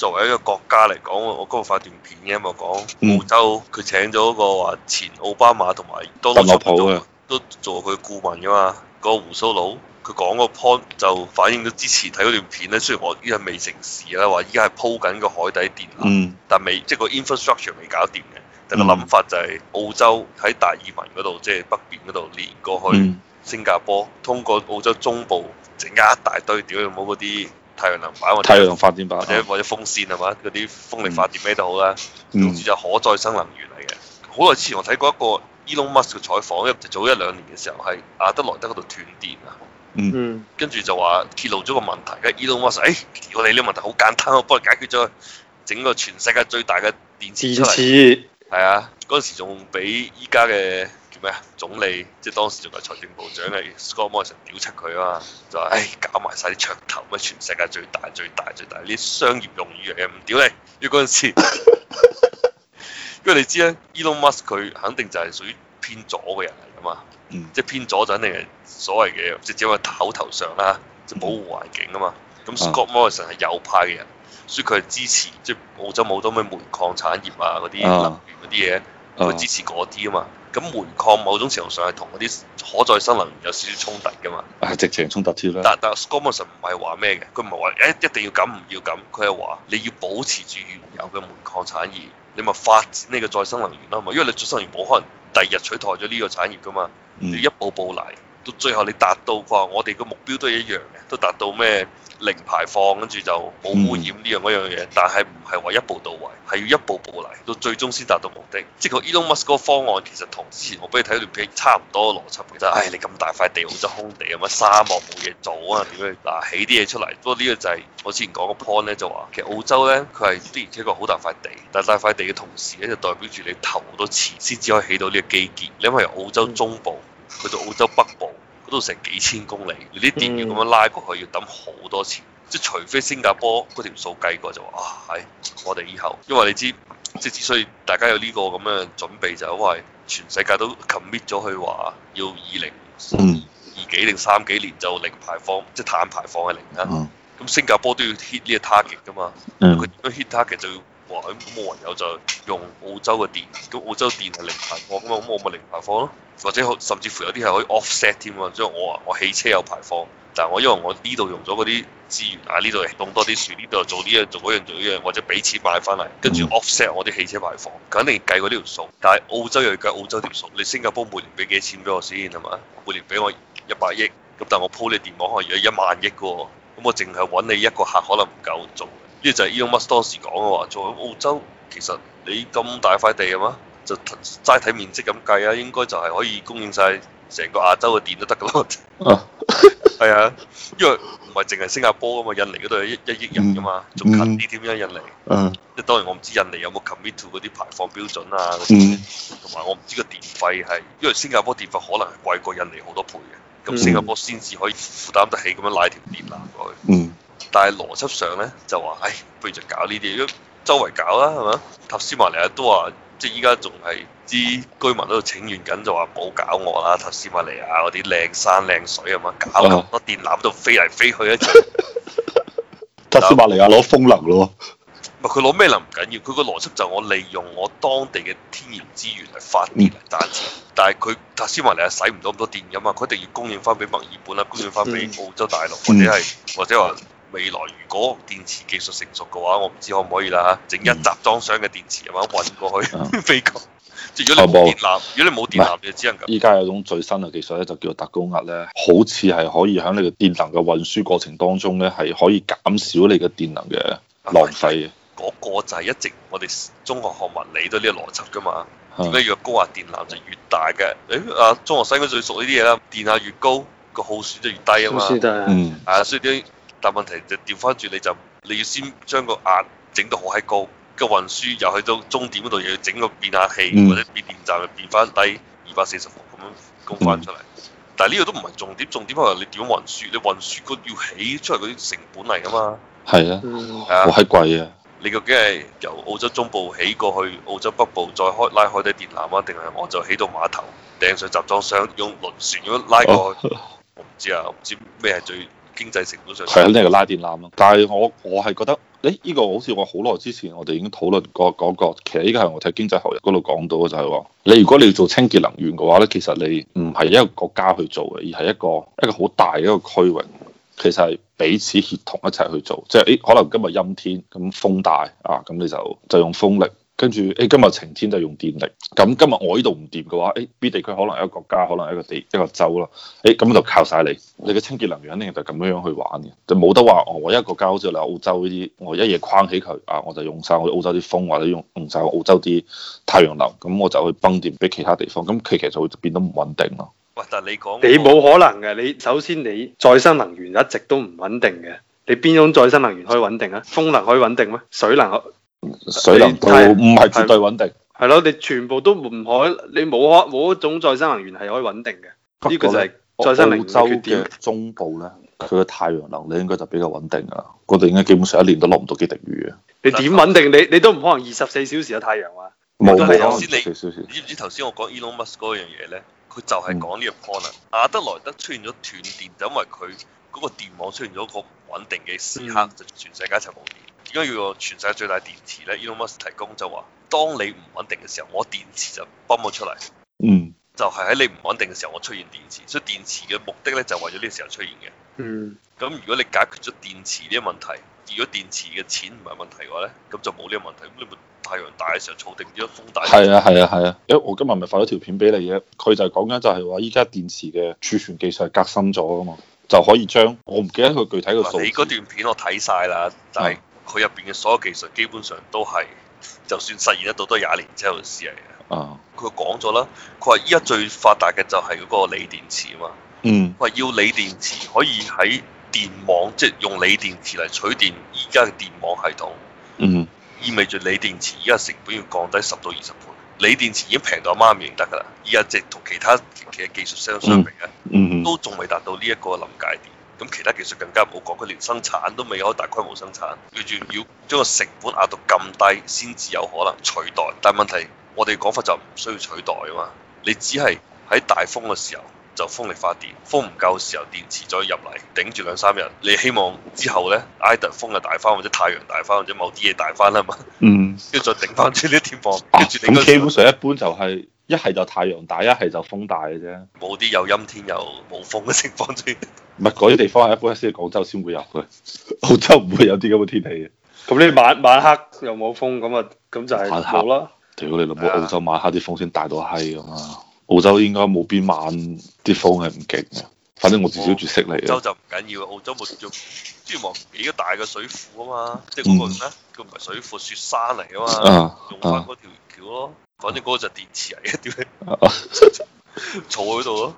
作為一個國家嚟講，我剛好發段片嘅，咪講澳洲佢請咗個話前奧巴馬同埋特朗普、嗯、都做佢顧問㗎嘛。嗰、那個、胡鬚佬佢講個 point 就反映到之前睇嗰段片咧。雖然我依家未成事啦，話依家係鋪緊個海底電纜、嗯，但未即個 infrastructure 未搞掂嘅。但個諗法就係澳洲喺達爾文嗰度，即係北邊嗰度連過去新加坡，通過澳洲中部整緊一大堆屌有冇嗰啲。那太陽能板太陽能發電板，或者或者風扇係嘛？嗰啲、嗯、風力發電咩都好啦，都算就可再生能源嚟嘅。好耐之前我睇過一個 Elon Musk 嘅採訪，一早一兩年嘅時候係阿德萊德嗰度斷電啊，嗯，跟住就話揭露咗個問題。跟住 Elon Musk，誒、哎、我哋呢個問題好簡單，我幫你解決咗整個全世界最大嘅電，電池出嚟，係啊，嗰陣時仲比依家嘅。咩啊？總理即係當時仲係財政部長咧，Scott Morrison 屌柒佢啊嘛，就話：哎，搞埋晒啲噱頭，乜全世界最大、最大、最大啲商業用語誒唔屌你！因為嗰陣時，因為 你知咧，Elon Musk 佢肯定就係屬於偏左嘅人嚟噶嘛，即係、嗯、偏左就肯定係所謂嘅即直接話口頭上啦，就係、保護環境啊嘛。咁、嗯、Scott Morrison 係右派嘅人，所以佢係支持即係、就係、澳洲冇咗咩煤礦產業啊嗰啲能源嗰啲嘢。佢支持嗰啲啊嘛，咁煤礦某種程度上係同嗰啲可再生能源有少少衝突噶嘛，係、哎、直情衝突添啦。但但 Scott Morrison 唔係話咩嘅，佢唔係話誒一定要咁唔要咁，佢係話你要保持住原有嘅煤礦產業，你咪發展呢個再生能源咯，係因為你再生能源冇可能第二日取代咗呢個產業噶嘛，嗯、你一步步嚟。到最後你達到嘅話，我哋個目標都係一樣嘅，都達到咩零排放，跟住就冇污染呢樣嗰樣嘢。但係唔係話一步到位，係要一步步嚟，到最終先達到目的。即係個 Elon Musk 個方案其實同之前我俾你睇嗰段片差唔多邏輯，就係、是、唉、哎，你咁大塊地澳洲空地，咁啊沙漠冇嘢做啊，樣點樣嗱起啲嘢出嚟？不過呢個就係我之前講個 point 呢，就話其實澳洲咧，佢係的而且確好大塊地，但係大塊地嘅同時咧，就代表住你投好多錢先至可以起到呢個基建。你因為澳洲中部。去到澳洲北部，嗰度成幾千公里，你啲電要咁樣拉過去，要抌好多錢，嗯、即係除非新加坡嗰條數計過就話啊，係、哎、我哋以後，因為你知即係之所以大家有呢個咁嘅準備，就係因為全世界都 commit 咗去話要 20,、嗯、二零二幾定三幾年就零排放，即係碳排放係零啦。咁、嗯、新加坡都要 hit 呢個 target 㗎嘛？佢點樣、嗯、hit target 就要？冇人有就用澳洲嘅電，咁澳洲電係零排放咁啊，咁我咪零排放咯。或者甚至乎有啲係可以 offset 添喎，即係我話我汽車有排放，但係我因為我呢度用咗嗰啲資源啊，呢度用多啲樹，呢度做呢樣做嗰樣做呢樣，或者俾錢買翻嚟，跟住 offset 我啲汽車排放，肯定計過呢條數。但係澳洲又要計澳洲條數，你新加坡每年俾幾錢俾我先係嘛？每年俾我一百億，咁但係我鋪你電網可以一萬億嘅喎，咁我淨係揾你一個客可能唔夠做。呢就係 Elon Musk 講嘅話，做喺澳洲，其實你咁大塊地啊嘛，就齋睇面積咁計啊，應該就係可以供應晒成個亞洲嘅電都得嘅咯。哦，係啊，因為唔係淨係新加坡啊嘛，印尼嗰度一一億人嘅嘛，仲近啲添啊，印尼。嗯。嗯，當然我唔知印尼有冇 commit to 嗰啲排放標準啊，同埋、嗯、我唔知個電費係，因為新加坡電費可能係貴過印尼好多倍嘅，咁新加坡先至可以負擔得起咁樣拉條電纜過去。嗯嗯。但係邏輯上咧就話，誒，不如就搞呢啲，如果周圍搞啦，係咪？塔斯馬尼亞都話，即係依家仲係知居民喺度請願緊，就話唔好搞我啦。塔斯馬尼亞嗰啲靚山靚水吖嘛，搞咁多電纜都飛嚟飛去一陣。 以塔斯馬尼亞攞風能咯，佢攞咩能唔緊要，佢個邏輯就我利用我當地嘅天然資源嚟發電嚟賺錢。嗯、但係佢塔斯馬尼亞使唔到咁多電噶嘛，佢一定要供應翻俾墨爾本啦，供應翻俾澳洲大陸、嗯、或者係或者話。未來如果電池技術成熟嘅話，我唔知可唔可以啦整一集裝箱嘅電池咁樣運過去非洲、嗯。即如果你冇電纜，啊、如果你冇電纜嘅是只能夠。依家有種最新嘅技術咧，就叫做特高壓咧，好似係可以喺你個電能嘅運輸過程當中咧，係可以減少你嘅電能嘅浪費。嗰、啊那個就係一直我哋中學學物理對呢個邏輯㗎嘛。點解越高壓電纜就越大嘅？誒啊、嗯哎！中學生應該最熟呢啲嘢啦。電壓越高，個耗損就越低啊嘛。嗯，啊，所以但問題就調翻轉，你就你要先將個壓整到好閪高，個運輸又去到終點嗰度，又要整個變壓器、嗯、或者變電站去變翻低二百四十伏咁樣供翻出嚟。嗯、但係呢個都唔係重點，重點係你點運輸？你運輸個要起出嚟嗰啲成本嚟㗎嘛？係啊，好閪貴啊！啊你究竟係由澳洲中部起過去澳洲北部，再開拉海底電纜啊？定係我就起到碼頭頂上集裝箱，用輪船咁拉過去？我唔知啊，我唔知咩係最。經濟成本上係啊，呢個拉電纜咯。但係我我係覺得，誒呢個好似我好耐之前我哋已經討論過講過嗰個。其實呢個係我睇經濟學嗰度講到嘅，就係話你如果你要做清潔能源嘅話咧，其實你唔係一個國家去做嘅，而係一個一個好大一個區域，其實係彼此協同一齊去做。即係誒，可能今日陰天咁風大啊，咁你就就用風力。跟住，誒今日晴天就用電力。咁今日我呢度唔掂嘅話，誒、欸、B 地區可能一個國家，可能一個地一個州咯。誒、欸、咁就靠晒你，你嘅清潔能源肯定就咁樣樣去玩嘅，就冇得話我一個國家好似你澳洲依啲，我一夜框起佢啊，我就用晒我澳洲啲風，或者用用曬澳洲啲太陽能，咁我就去崩電俾其他地方。咁佢其實會變得唔穩定咯。喂，但你講你冇可能嘅，你首先你再生能源一直都唔穩定嘅，你邊種再生能源可以穩定啊？風能可以穩定咩？水能？水能都唔係絕對穩定，係咯，你全部都唔可，你冇可冇一種再生能源係可以穩定嘅。呢個就係澳洲嘅中部咧，佢嘅太陽能你應該就比較穩定啊。我哋應該基本上一年都落唔到幾滴雨啊。你點穩定？你你都唔可能二十四小時有太陽啊。冇，係，我先你，你知唔知頭先我講 Elon Musk 嗰樣嘢咧？佢就係講呢個 point 啊、嗯、阿德萊德出現咗斷電，就因為佢嗰個電網出現咗個唔穩定嘅時刻，嗯、就全世界一齊冇電。而家要個全世界最大電池咧，Elon Musk 提供就話：當你唔穩定嘅時候，我電池就崩咗出嚟。嗯，就係喺你唔穩定嘅時候，我出現電池。所以電池嘅目的咧，就為咗呢個時候出現嘅。嗯，咁、嗯、如果你解決咗電池呢個問題，如果電池嘅錢唔係問題嘅話咧，咁就冇呢個問題。咁你咪太陽大嘅時候儲定咗咯，風大。係啊，係啊，係啊！誒、啊，我今日咪發咗條片俾你嘅，佢就係講緊就係話依家電池嘅儲存技術係革新咗噶嘛，就可以將我唔記得佢具體嘅數、啊。你嗰段片我睇晒啦，就係、是。佢入邊嘅所有技術基本上都係，就算實現得到都係廿年之後嘅事嚟嘅。佢講咗啦，佢話依家最發達嘅就係嗰個鋰電池啊嘛。嗯。佢話，要鋰電池可以喺電網，即係用鋰電池嚟取電而家嘅電網系統。嗯。意味著鋰電池依家成本要降低十到二十倍，鋰電池已經平到阿媽唔認得㗎啦。依家即係同其他嘅技術相相比咧，嗯嗯、都仲未達到呢一個臨界點。咁其他技術更加唔好講，佢連生產都未有大規模生產，跟住要將個成本壓到咁低，先至有可能取代。但係問題，我哋講法就唔需要取代啊嘛。你只係喺大風嘅時候就風力發電，風唔夠時候，電池再入嚟頂住兩三日。你希望之後呢，埃特風就大翻，或者太陽大翻，或者某啲嘢大翻啦嘛。嗯，跟住再頂翻啲啲電量。基本上一般就係、是。一係就太陽大，一係就風大嘅啫。冇啲有陰天有冇風嘅情況先。唔係嗰啲地方係一般喺先，廣州先會有嘅。澳洲唔會有啲咁嘅天氣嘅。咁你晚晚黑又冇風，咁啊咁就係冇啦。屌你老母！澳洲晚黑啲風先大到閪咁啊！澳洲應該冇邊晚啲風係唔勁嘅。反正我至少住悉尼。澳洲就唔緊要，澳洲冇住住望幾個大嘅水庫啊嘛，即係嗰輪咧，佢唔係水庫，雪山嚟啊嘛，用翻嗰條。咯，反正嗰個就係電池嚟嘅，吊起 坐喺度咯。